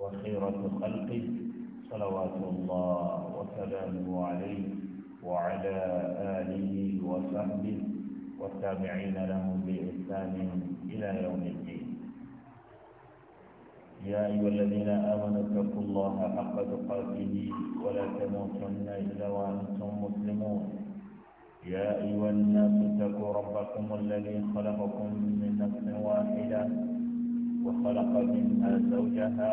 وخيرة خلقه صلوات الله وسلامه عليه وعلى آله وصحبه والتابعين لهم بإحسان إلى يوم الدين يا أيها الذين آمنوا اتقوا الله حق تقاته ولا تموتن إلا وأنتم مسلمون يا أيها الناس اتقوا ربكم الذي خلقكم من نفس واحدة وخلق منها زوجها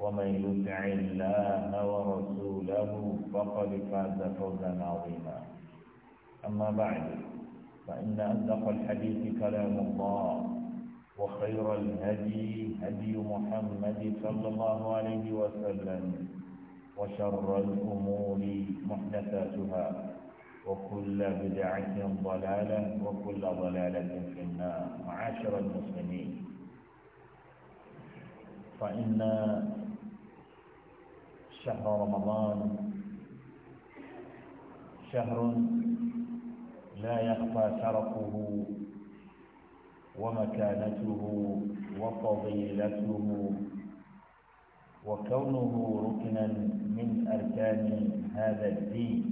ومن يطع الله ورسوله فقد فاز فوزا عظيما أما بعد فإن أصدق الحديث كلام الله وخير الهدي هدي محمد صلى الله عليه وسلم وشر الأمور محدثاتها وكل بدعة ضلالة وكل ضلالة في النار معاشر المسلمين فإن شهر رمضان شهر لا يخفى شرفه ومكانته وفضيلته وكونه ركنا من أركان هذا الدين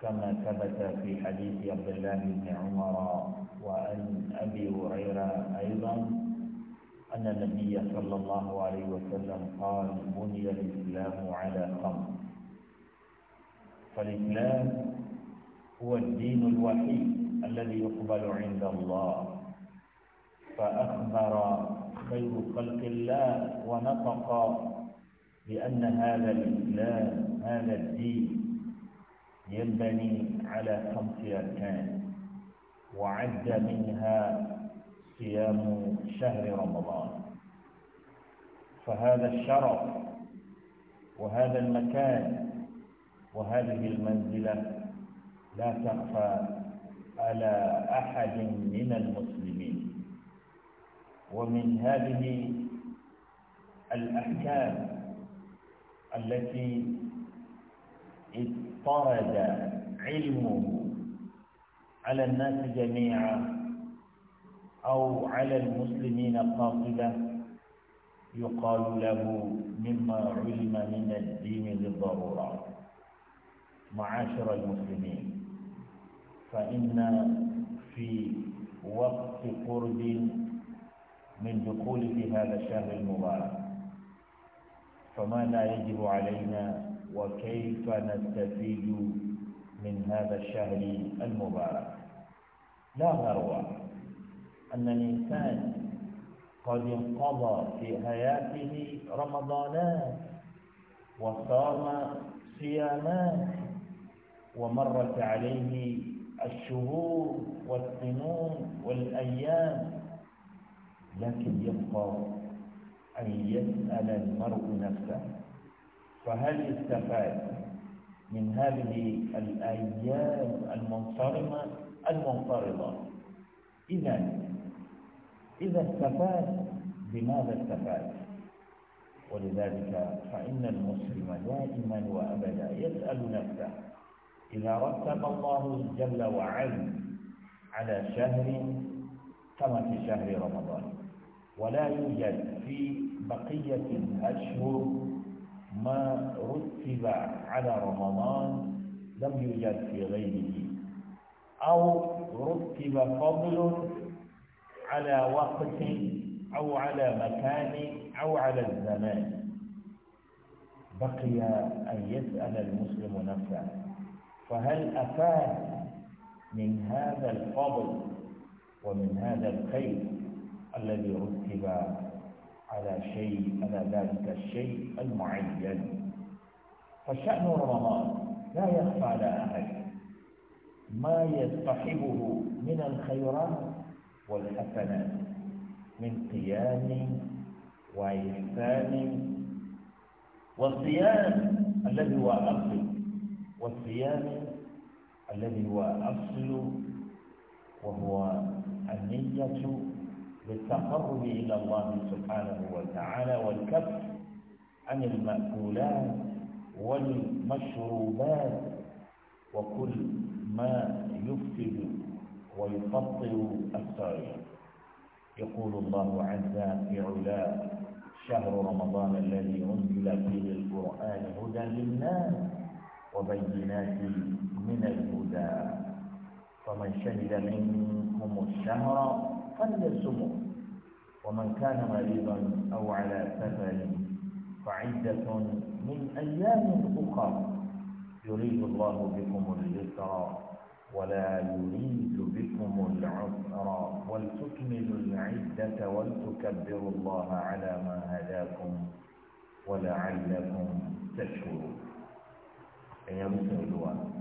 كما ثبت في حديث عبد الله بن عمر وعن أبي هريرة أيضا أن النبي صلى الله عليه وسلم قال بني الإسلام على خمس فالإسلام هو الدين الوحيد الذي يقبل عند الله فأخبر خير خلق الله ونطق بأن هذا الإسلام هذا الدين ينبني على خمس أركان وعد منها صيام شهر رمضان فهذا الشرف وهذا المكان وهذه المنزلة لا تخفى على أحد من المسلمين ومن هذه الأحكام التي اضطرد علمه على الناس جميعا أو على المسلمين قاصدة يقال له مما علم من الدين للضرورة معاشر المسلمين فإن في وقت قرب من دخول في هذا الشهر المبارك فماذا يجب علينا وكيف نستفيد من هذا الشهر المبارك لا ثروة أن الإنسان قد انقضى في حياته رمضانات وصام صيامات ومرت عليه الشهور والسنون والأيام لكن يبقى أن يسأل المرء نفسه فهل استفاد من هذه الأيام المنصرمة المنقرضة إذا إذا استفاد بماذا استفاد ولذلك فإن المسلم دائما وأبدا يسأل نفسه إذا رتب الله جل وعلا على شهر كما في شهر رمضان ولا يوجد في بقية الأشهر ما رتب على رمضان لم يوجد في غيره أو رتب فضل على وقت أو على مكان أو على الزمان بقي أن يسأل المسلم نفسه فهل أفاد من هذا الفضل ومن هذا الخير الذي رتب على شيء على ذلك الشيء المعين فشأن رمضان لا يخفى على أحد ما يصطحبه من الخيرات والحسنات من قيام وإحسان والصيام الذي هو أصل والصيام الذي هو أصل وهو النية للتقرب إلى الله سبحانه وتعالى والكف عن المأكولات والمشروبات وكل ما يفسد ويفطر الصائم يقول الله عز في علاه شهر رمضان الذي أنزل فيه القرآن هدى للناس وبينات من الهدى فمن شهد منكم الشهر فليسمه ومن كان مريضا أو على سفر فعدة من أيام أخرى يريد الله بكم اليسر ولا يريد بكم العسر ولتكملوا العدة ولتكبروا الله على ما هداكم ولعلكم تشكرون أيام مسلمون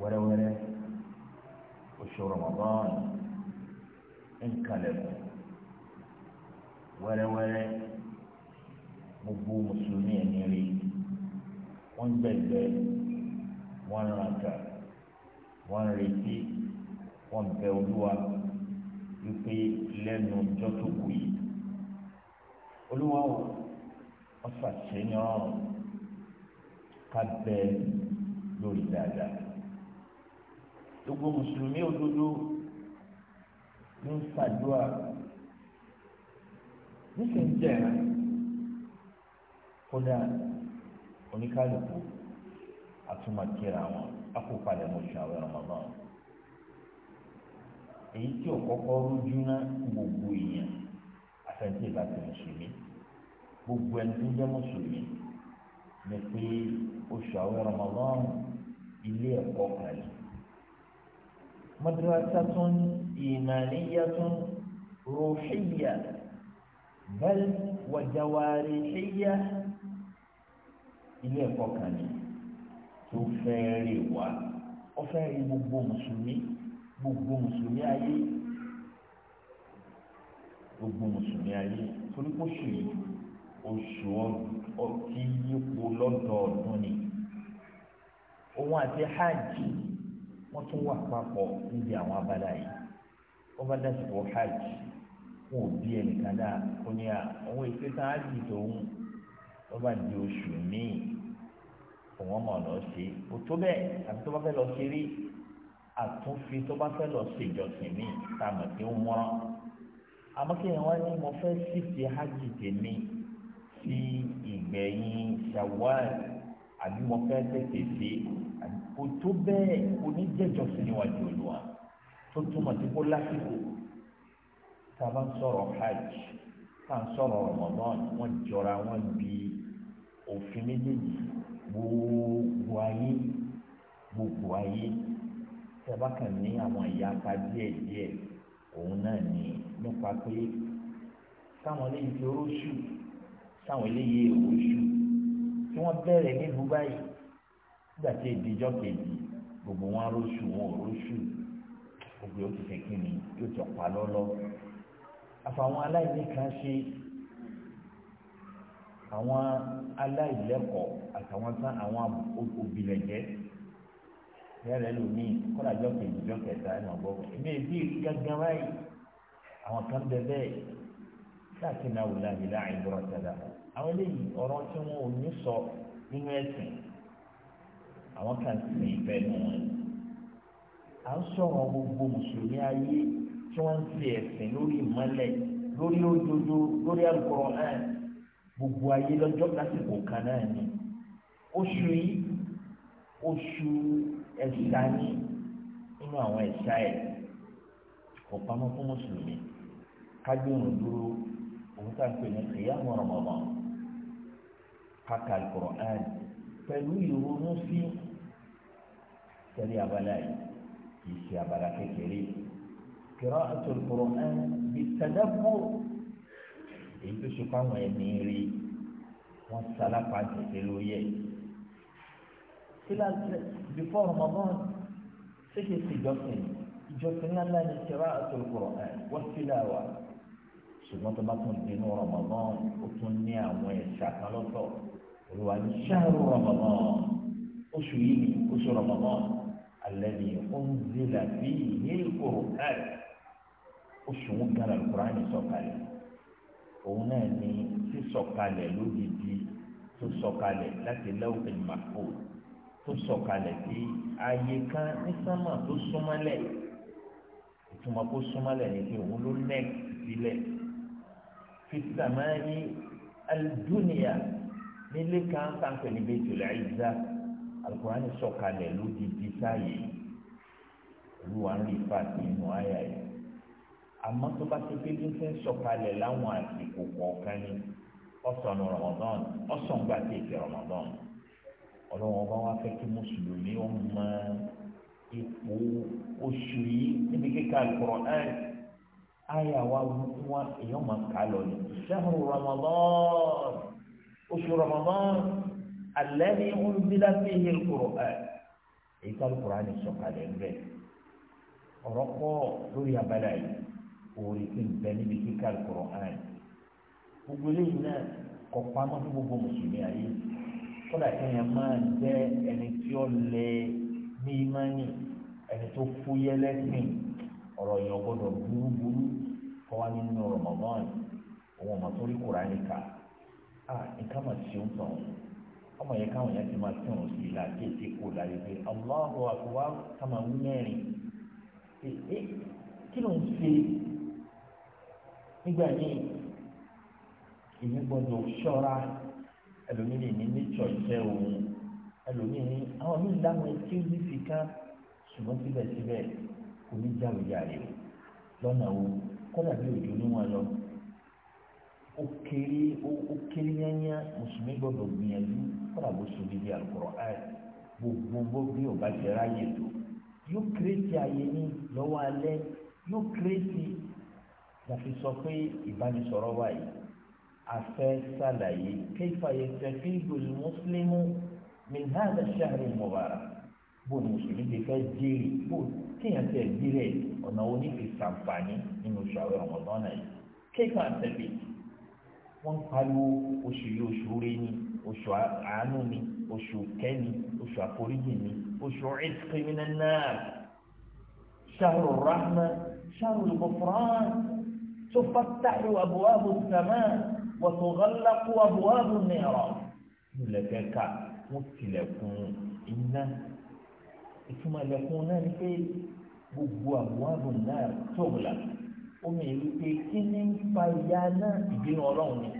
ولا ولا وشو رمضان انقلب ولا ولا مبو مسلمين يريد يعني، وانبدل wọ́n rànkà wọ́n retí wọ́n bẹ olúwa wípé lẹ́nu ọjọ́ tó kù yìí olúwa ò wọ́n fàṣẹ ní ọ̀rùn ká bẹ lórí dáadáa gbogbo mùsùlùmí òdodo ń ṣàdúrà nísìnyí jẹ́ kódà oníkálukú àtúmọ̀ kíra wọn àpò palẹ̀ mọ́ oṣù àwọn Ramadan èyí tí ò kọ́kọ́ rújú ná gbogbo èèyàn àfẹnjẹ bá ti mùsùlùmí gbogbo ẹni tó jẹ́ mùsùlùmí ni pé oṣù àwọn Ramadan ilé ẹ̀kọ́ kan yìí madrasatun imaniyatun ruhiyya bal wa jawarihiyya ilé ẹ̀kọ́ kan tó fẹ́ẹ́ rè wá ó fẹ́ rí gbogbo mùsùlùmí gbogbo mùsùlùmí ayé gbogbo mùsùlùmí ayé torí kó ṣù yìí oṣù ọtí yípo lọ́dọọdún ni òun àti hajj wọ́n tún wà papọ̀ níbi àwọn abala yìí wọ́n bá dásìkò hajj wọn ò bí ẹnìkan dáa kó ní à òun èké tá a jì tóun wọ́n bá di oṣù míì kò wọ́n mọ̀ lọ ṣe o tó bẹ́ẹ̀ àti tó bá fẹ́ lọ ṣe rí àtúnfi tó bá fẹ́ lọ ṣèjọsìn mi tá a mọ̀ pé ó mọ́rán àmọ́ kí ẹ̀wọ́n ní mo fẹ́ sì ti hajj tèmi sí ìgbẹ̀yìn Shawwal àbí mo fẹ́ tètè ṣe o tó bẹ́ẹ̀ oníjẹ́jọsìn níwájú Olúwa tó túmọ̀ sí kó lásìkò tá a bá ń sọ̀rọ̀ hajj tá a ń sọ̀rọ̀ Ramadan wọ́n jọra wọ́n bí òfin méjèèjì gbogbo ayé gbogbo ayé sábà kàn ní àwọn ìyapa díẹ̀ díẹ̀ òun náà ní nípa pé sáwọn eléyìí fi oróṣù sáwọn eléyìí oróṣù tí wọ́n bẹ̀rẹ̀ nílùú báyìí nígbà tí ìdíjọ́ kejì gbogbo wọn aróṣù wọn oróṣù gbogbo yóò ti fi kí ni yóò tọpa lọ́lọ́ àfàwọn aláìní kan ṣe àwọn aláìlẹ́kọ̀ọ́ àtàwọn tán àwọn òbílẹ̀jẹ́ bẹ́ẹ̀rẹ̀ lómi kọ́lá jọ kejì jọ kẹta ẹ̀ nà gbọ́ ẹ̀mí ẹ̀bí gángan báyìí àwọn kan bẹ bẹ́ẹ̀ láti náà wò láàyè láàyè lọ́rọ̀ tẹ́lá àwọn eléyìí ọ̀rọ̀ tí wọn ò ní sọ nínú ẹ̀sìn àwọn kan sì fẹ́ nù wọn à ń sọ̀rọ̀ gbogbo mùsùlùmí ayé tí wọ́n ń ti ẹ̀sìn lórí ìmọ̀lẹ̀ lórí òdodo lórí Al-Qur'an gbogbo ayé lọ́jọ́ lásìkò kan náà ni oṣù yìí oṣù ẹ̀ṣà ni nínú àwọn ẹ̀ṣà ẹ̀ kò pamọ́ fún mùsùlùmí kájọ́rùn dúró òun tá à ń pè ní kìyàmù Ramadan kàkà Al-Qur'an pẹ̀lú ìrònú sí tẹ́lẹ̀ abala yìí kì í ṣe abala kékeré qira'atul Qur'an bit-tadabbur èyí tó ṣe fáwọn ẹni rí wọn sálápá tètè lórí ẹ síláṣẹ bífọ Ramadan ṣéṣe sí ìjọsìn ìjọsìn ńláńlá ní ṣẹlá àtòkùrọ ẹ wọn sílẹ wa ṣùgbọ́n tó bá tún dénú Ramadan ó tún ní àwọn ẹ̀ṣà kan lọ́tọ̀ olùwà ní ṣáàrù Ramadan oṣù yìí oṣù Ramadan alladhi unzila fihi al-Qur'an oṣù wọn gan-an al ní sọ̀kalẹ̀ òun náà ni sísọ̀kalẹ̀ lójijì tó sọ̀kalẹ̀ láti lawhil mahfuz tó sọ̀kalẹ̀ sí ayé kan ní sánmà tó súnmọ́lẹ̀ ìtumọ̀ kó súnmọ́lẹ̀ ni pé òun ló nẹ́ẹ̀ sílẹ̀ fi sàmáyé al-dunya nílé kan sáńpẹ̀ ní Baitul Izza Al-Qur'ani sọ̀kalẹ̀ lójijì sáyé olúwa ń rí fàtí inú àyà yìí àmọ́ tó bá ti pé bí ń fẹ́ sọ̀kalẹ̀ láwọn àsìkò kọ̀ọ̀kan ni ọ̀sán rọmọdán ọ̀sán gba kéèké rọmọdán ọlọ́wọ́n bá wá fẹ́ kí mùsùlùmí ó mọ ipò oṣù yìí níbi kíkà Al-Qur'an ayé àwa wá èèyàn máa kà á lọ ní ṣahru rọmọdán oṣù rọmọdán alladhi unzila fihi Al-Qur'an èyí ká Al-Qur'an ni sọ̀kalẹ̀ ń bẹ̀ ọ̀rọ̀ pọ̀ lórí abala yìí. orí pé ń bẹ níbi kíkà ìkọ̀rọ̀ hàn gbogbo eléyìí náà kọ pamọ́ fún gbogbo mùsùlùmí ayé kódà kéèyàn máa jẹ́ ẹni tí ó lè ní ìmánì ẹni tó fúyẹ́ lẹ́sìn ọ̀rọ̀ yẹn gbọ́dọ̀ burúburú kọ́ wá nínú òun ọmọ tó rí kà á nǹkan mà nígbà yìí èmi gbọ́dọ̀ ṣọ́ra ẹlòmíì ní nítsọ iṣẹ́ òun ẹlòmíì ní àwọn míì láwọn etí ó ní fi ká ṣùgbọ́n síbẹ̀síbẹ̀ kò ní jáwéjáre lọ́nà wo kọ́dà bí òjò níwọ̀n lọ ó kéré ó kéré yányá mùsùlùmí gbọ́dọ̀ gbìyànjú kọ́dà bó so bíbí àkùrọ̀ ẹ̀ gbogbo bí ò bá ti ráyè tó yóò kéré ti àyè ní lọ́wọ́ alẹ́ yóò kéré ti mo fi sọ pé ìbánisọ̀rọ̀ wa yìí a fẹ́ ṣàlàyé kayfa yastafidu al-muslimu min hadha ash-shahr al-mubarak bó ni mùsùlùmí ti fẹ́ jèrè bó kéèyàn tẹ̀ gbélé ọ̀nà onífi sàǹfààní nínú oṣù àwọn ọ̀mọ̀dán náà yìí kayfa àtẹ̀lé wọ́n ń pariwo oṣù yìí oṣù rẹ̀ ni oṣù àánú ni oṣù kẹ́ni oṣù àforíjì ni oṣù ìsìnkìmínà náà ṣàrò rahma ṣàrò lùbọ̀fọ̀rán تفتح أبواب السماء وتغلق أبواب النيران لكك متلكون إن ثم لكون في gbogbo àbúrò náà tóbla omi ìlú pé kí ni ń fa ìyá náà ìbínú ọlọ́run ni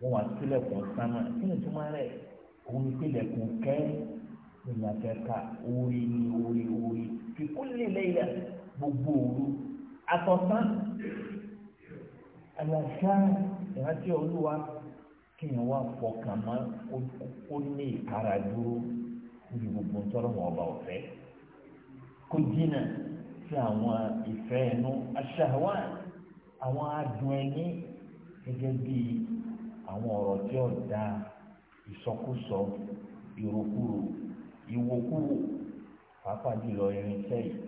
wọn wá sílẹ̀kùn sánmà kí ni túmọ̀ rẹ̀ òun ni sílẹ̀kùn kẹ́rì ìyá kẹka orí ni orí orí kíkú lẹ́yìn gbogbo òru àtọ̀sán àlàáfíà ìrántí olúwa kéèyàn wá fọkàn mọ́ kó ní ìkara dúró níbi gbogbo ntọ́lọ́mọ ọba ọ̀fẹ́ kó jìnnà sí àwọn ìfẹ́ ẹnu aṣáwá àwọn adùn ẹni gẹ́gẹ́ bí àwọn ọ̀rọ̀ tí ó da ìsọkúsọ ìrokúrò ìwòkúwò pàápàá jùlọ irinṣẹ́ yìí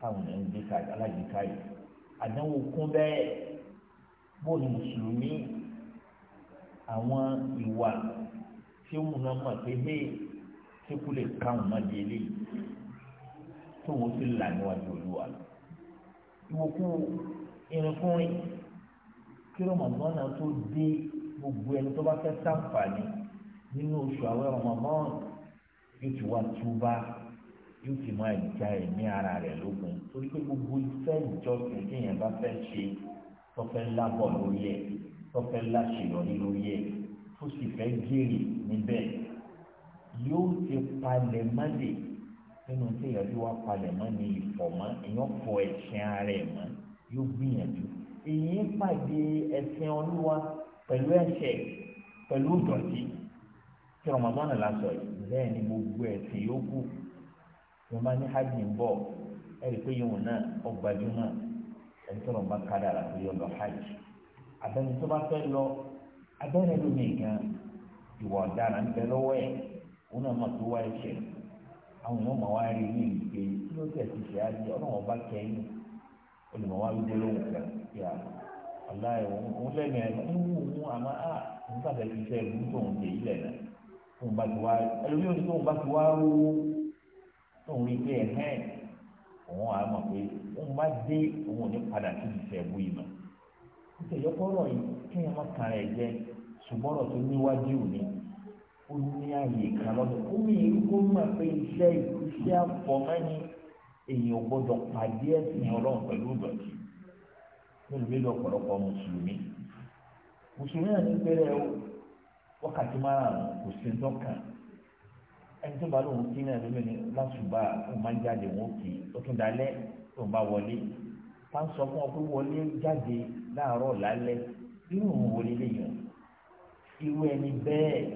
táwọn ènìyàn ń gbé káyìí yìí àdánwò kún bẹ́ẹ̀ bóòlù mùsùlùmí àwọn ìwà tí wọn náà mọ̀ pé hé tí kú lè káwọn má di eléyìí tó wọn ti là níwájú olúwa ìwòkú irinkunrin kí rọmọdún náà tó dé gbogbo ẹni tó bá fẹ́ ṣàǹfààní nínú oṣù àwẹ̀ rọmọdún yóò ti wá túbá yóò ti máa ja ẹ̀mí ara rẹ̀ lógun torí pé gbogbo iṣẹ́ ìjọsìn tí yẹn bá fẹ́ ṣe tọ́fẹ́ ńlá bọ̀ lórí ẹ̀ tọ́fẹ́ ńlá ṣèlọ́rí lórí ẹ̀ tó sì fẹ́ jèrè níbẹ̀ yóò ti palẹ̀ má lè nínú tí èèyàn ti wá palẹ̀ mọ́ ni ìfọ̀mọ́ èèyàn fọ ẹ̀sìn ara ẹ̀ mọ́ yóò gbìyànjú èyí pàdé ẹ̀sìn olúwa pẹ̀lú ẹ̀ṣẹ̀ pẹ̀lú ìdọ̀tí tí Ramadan là sọ yìí bẹ́ẹ̀ ni gbogbo ẹ̀sìn yóò kù wọn bá ní hajj ń bọ̀ ẹ̀rí pé yòówù náà ọgbàdúmọ̀ ẹni bá kádà rà pé yọ̀ọ́ hajj abẹ́ni tó bá fẹ́ lọ abẹ́rẹ́ ló ní gan ìwà ọ̀daràn ń bẹ lọ́wọ́ ẹ̀ wọn náà máa tó wá ẹ̀ṣẹ̀ àwọn èèyàn máa wá rí ní ìgbé tí ó tẹ̀ sí ṣe àjẹ ọlọ́wọ́n bá kẹ́yìn olùmọ̀ wá wíwé lóhùn kan yà aláì òun lẹ́nu ẹ̀ ń wù ú àmọ́ à ń bàtà ti fẹ́ ìlú tóun dé ilẹ̀ náà tóun bá ti wá ẹlòmíràn tóun bá ti wá rówó tóun rí pé ẹ̀hẹ́n òun àá mọ̀ pé òun bá dé òun ò ní padà sí ìfẹ́ ẹ̀bú yìí mọ̀ nítorí ọpọlọ yìí kí ẹ má kan rẹ̀ jẹ ṣùgbọ́n ọ̀rọ̀ tó níwájú ni ó ní ààyè kan lọ́dọ̀ ó ní irúgbó mọ̀ pé iṣẹ́ iṣẹ́ àfọ̀mẹ́ni èèyàn gbọ́dọ̀ pàdé ẹ̀sìn ọlọ́run pẹ̀lú ìdọ̀tí nílùú ọ̀pọ̀lọpọ̀ mùsùlùmí mùsùlùmí náà ní gbẹ́rẹ́ wákàtí márùn-ún kò sí dọ́kàn ẹni tó bá lóun kí náà lómi ni lásùbà òun máa ń jáde òun kì í ó tún dalẹ̀ òun bá wọlé bá ń sọ fún ọ pé wọlé jáde láàárọ̀ lálẹ́ irú òun wọlé léyìn irú ẹni bẹ́ẹ̀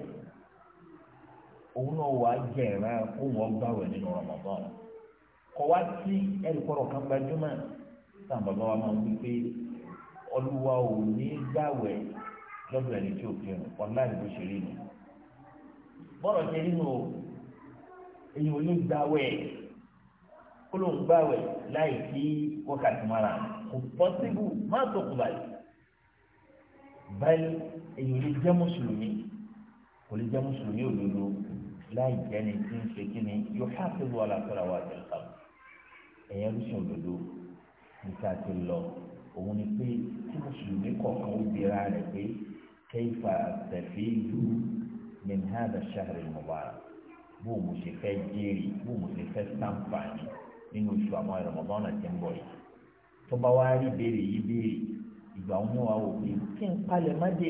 òun náà wàá jẹ ìran kó wọ́n gbàwẹ̀ nínú Ramadan kọ wá sí ẹni kan gbajúmọ̀ táwọn bàbá wa máa ń wí pé olúwa ò ní gbàwẹ̀ lọ́dọ̀ ẹni tí ò kírun ọ̀la ìbùsùn rí ni bọ́rọ̀ ṣe nínú o èyí ò ní gbàwẹ̀ kó ló ń gbàwẹ̀ láì sí wákàtí mara kò pọ́sibú má tó kù báyìí báyìí èyí ò lè jẹ́ mùsùlùmí kò lè jẹ́ mùsùlùmí òdodo láì jẹ́ ni tí ń ṣe kí ni yóò fà tó lu wa jẹ́ ká ẹ̀yẹ́ ló ṣe òdodo níta ti lọ òun ni pé tí mùsùlùmí kọ̀ọ̀kan ó bira rẹ̀ pé kayfa àtẹ̀fẹ́ ìlú min hadha ash-shahr al bó mo ṣe fẹ́ jèrè bó mo ṣe fẹ́ sàǹfààní nínú oṣù àwọn Ramadan náà ti ń bọ̀ yìí tó bá wá rí béèrè yìí béèrè ìgbà wọn wá wò pé kí n palẹ̀ má dé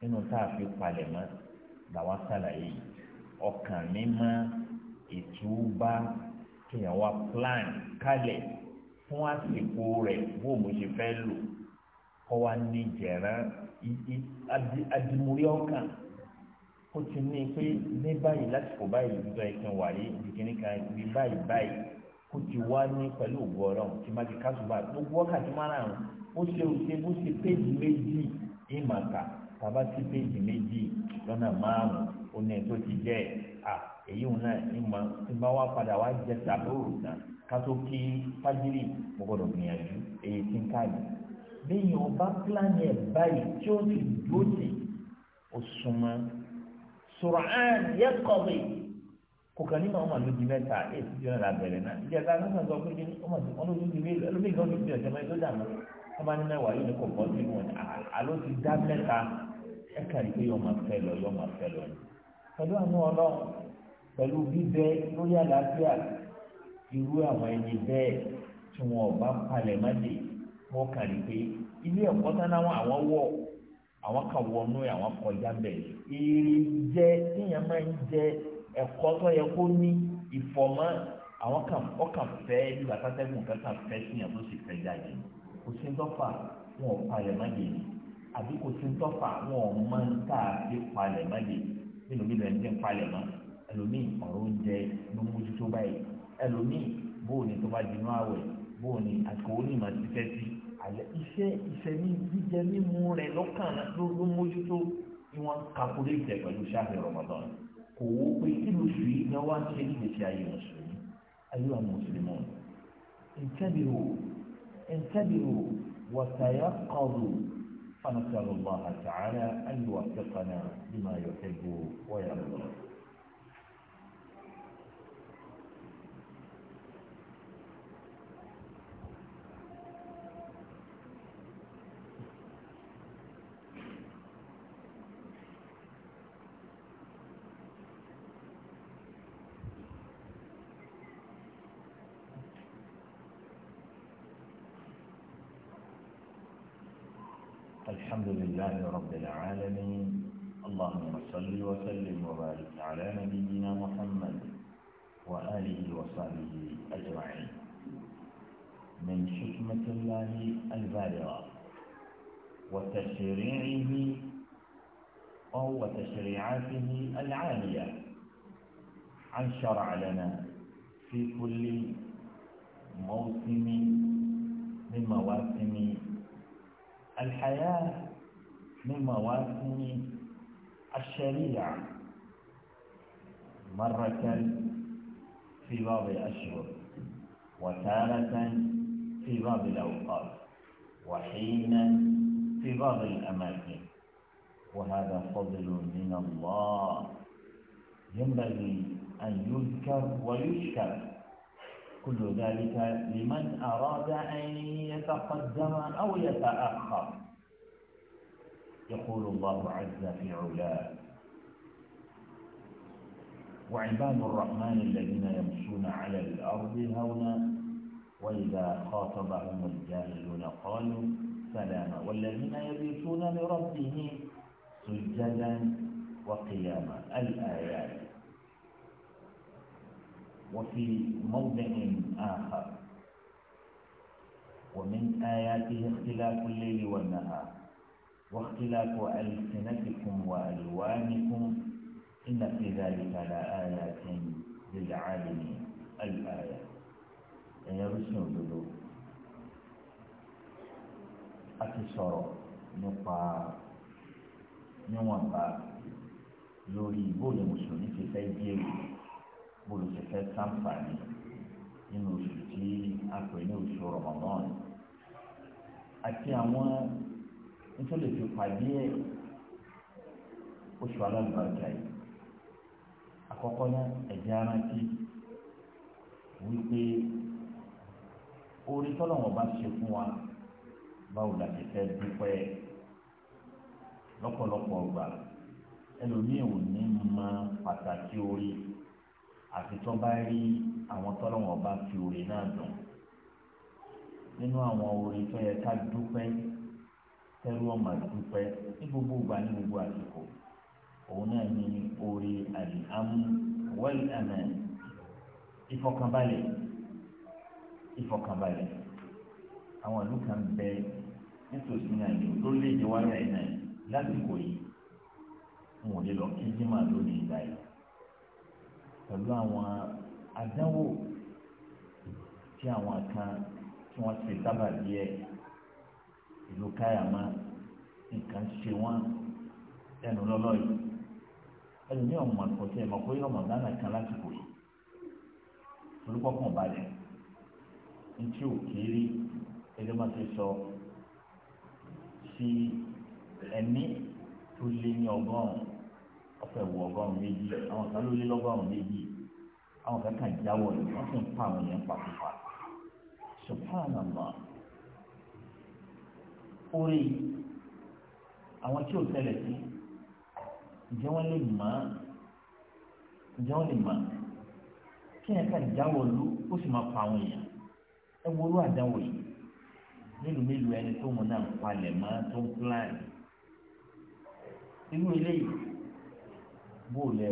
nínú tá a fi palẹ̀ mọ́ làwọn ṣàlàyé yìí ọkàn mímọ́ ìtúbà kéèyàn wá plan kalẹ̀ fún àsìkò rẹ̀ bó mo ṣe fẹ́ lò kọ́ wa ní jẹ̀rán adimúrí ọkàn ó ti ní pé ní báyìí lásìkò báyìí ìjọ ẹ̀sìn wà yìí ìdíkìní kan ní báyìí báyìí ó ti wá ní pẹ̀lú ògbó ọlọ́run tí má ti kásùbà gbogbo wákàtí márùn-ún ó ṣe òṣè bó ṣe péjì méjì ìmàkà tàbá sí péjì méjì lọ́nà márùn-ún ó ní ètò ti jẹ́ à èyí wọn náà ìmọ̀ tí bá wá padà wá jẹ sàbóòrò náà ká tó kí fájírì mo gbọ́dọ̀ gbìyànjú èyí tí ń káàdì lẹ́yìn ọba pílánì ẹ̀ báyìí tí ó ti dúró sí ó súnmọ́ sùrán yẹ́kọ̀bì kò kàn nínú ọmọ lójú mẹ́ta èyí tí wọn là bẹ̀rẹ̀ náà ìjẹta nígbà tó pé ọmọ tí wọn lójú ti rí ẹlòmíì gan lójú ọjọ́ mẹ́ta lójú àná wọn bá ní mẹ́wàá yóò ní kò bọ́ sí wọn àló ti dá mẹ́ta ẹ kàn rí pé yọ máa fẹ́ lọ yọ máa fẹ́ lọ ni pẹ̀lú àánú ọlọ́run pẹ̀lú bíbẹ lórí àlàáfíà irú àwọn ẹni bẹ́ẹ̀ tí wọn ò bá palẹ̀ mọ́tì wọn kàn rí pé ilé ẹ̀kọ́ tán láwọn àwọn wọ̀ àwọn kan wọnú àwọn kọjá bẹ èrè jẹ tíyẹn máa ń jẹ ẹ̀kọ́ tó yẹ kó ní ìfọmọ àwọn kan ọkàn fẹ ìgbà tátẹgùn kankan fẹ tíyẹn tó sì fẹ jáde kò sí ntọ́fà wọn ò palẹ̀ má dé àbí kò sí ntọ́fà wọn ò máa ń tà àti palẹ̀ má dé nínú bí lẹ́yìn tí ń palẹ̀ mọ́ ẹlòmíì ọ̀rọ̀ oúnjẹ ló mójútó báyìí ẹlòmíì bóòní tó bá dinú àwẹ̀ bóòní àtìkò ó ní ìmọ̀ àlẹ́ iṣẹ́ ìṣẹ́ni jíjẹ mímu rẹ̀ lọ́kàn ló ló mójútó ni wọ́n kakule jẹ pẹ̀lú sáré Ramadan kò wó pé kí ló fi ní wá ń ṣe ìgbésí ayé mùsùlùmí ayé wa mùsùlùmí ìtẹ́bìrò ìtẹ́bìrò wàtàyà kọ́ọ̀lù فنسأل الله تعالى أن يوفقنا لما يحب ويرضى لله رب العالمين اللهم صل وسلم وبارك على نبينا محمد وآله وصحبه أجمعين من حكمة الله البالغة وتشريعه أو وتشريعاته العالية أن شرع لنا في كل موسم من مواسم الحياة من مواسم الشريعة مرة في بعض الأشهر وتارة في بعض الأوقات وحينا في بعض الأماكن وهذا فضل من الله ينبغي أن يذكر ويشكر كل ذلك لمن أراد أن يتقدم أو يتأخر يقول الله عز في علاه وعباد الرحمن الذين يمشون على الأرض هونا وإذا خاطبهم الجاهلون قالوا سلاما والذين يبيتون لربهم سجدا وقياما الآيات وفي موضع آخر ومن آياته اختلاف الليل والنهار واختلاف ألسنتكم وألوانكم إن في ذلك لآيات للعالمين الآية ẹ̀yẹ rúṣin òdodo a ti sọ̀rọ̀ nípa níwọ̀nba lórí bóòlù mùsùlùmí ti fẹ́ jẹ́rì bóòlù ti fẹ́ sáǹfààní nínú oṣù tí a pè ní oṣù Ramadan àti àwọn nítorí lè fi pàdé ẹ̀ oṣù alágbàjá yìí àkọ́kọ́ náà ẹ̀jẹ̀ arántí wípé orí tọ́lọ́wọ́n bá ṣe fún wa báwo la ṣe fẹ́ dúpẹ́ lọ́pọ̀lọpọ̀ ọgbà ẹlòmíì ò ní mọ pàtàkì orí àti tó bá rí àwọn tọ́lọ́wọ́n bá fi orí náà dùn nínú àwọn orí tó yẹ ká dúpẹ́ tẹ́rù ọmọ ìdúpẹ́ ní gbogbo ìgbà ní gbogbo àsìkò òun náà ní orí àlìhámú wẹ́lì àmà ìfọkànbalẹ̀ ìfọkànbalẹ̀ àwọn ìlú kan bẹ nítòsí náà ní olórílẹ̀-èdè wa rẹ̀ náà lásìkò yìí n ò lè lọ kí jimá lónìí ìgbà yìí pẹ̀lú àwọn àdánwò tí àwọn kan tí wọ́n ti sábà díẹ̀ ìlú káyàmá nǹkan ṣe wọn ẹnu lọ́lọ́ yìí ẹni ní ọmọ àkọsẹ́ ẹ̀ mọ̀ pé ọmọ gánà kan lásìkò yìí olùkọ́ kàn balẹ̀ ntí ò kéré ẹgbẹ́ máa ti sọ sí ẹ̀mí tó lé ní ọgọ́rùn-ún ọ̀fẹ́ wọ ọgọ́rùn-ún méjì àwọn kan ló lé lọ́gọ́rùn-ún méjì àwọn kan kàn jáwọ́ ẹ̀ wọ́n sì ń pa àwọn yẹn pàkópa subhanallah orí àwọn tí ò tẹ̀lẹ̀ sí ǹjẹ́ wọ́n lè mọ̀ á ǹjẹ́ wọ́n lè mọ̀ á kí ẹ̀ka ìjáwọ̀ lu ó sì máa pa àwọn èèyàn ẹ wo olú àdáwọ̀ yìí mélòó mélòó ẹni tó mọ̀ náà ń palẹ̀ mọ́ tó ń plan irú eléyìí bó lẹ̀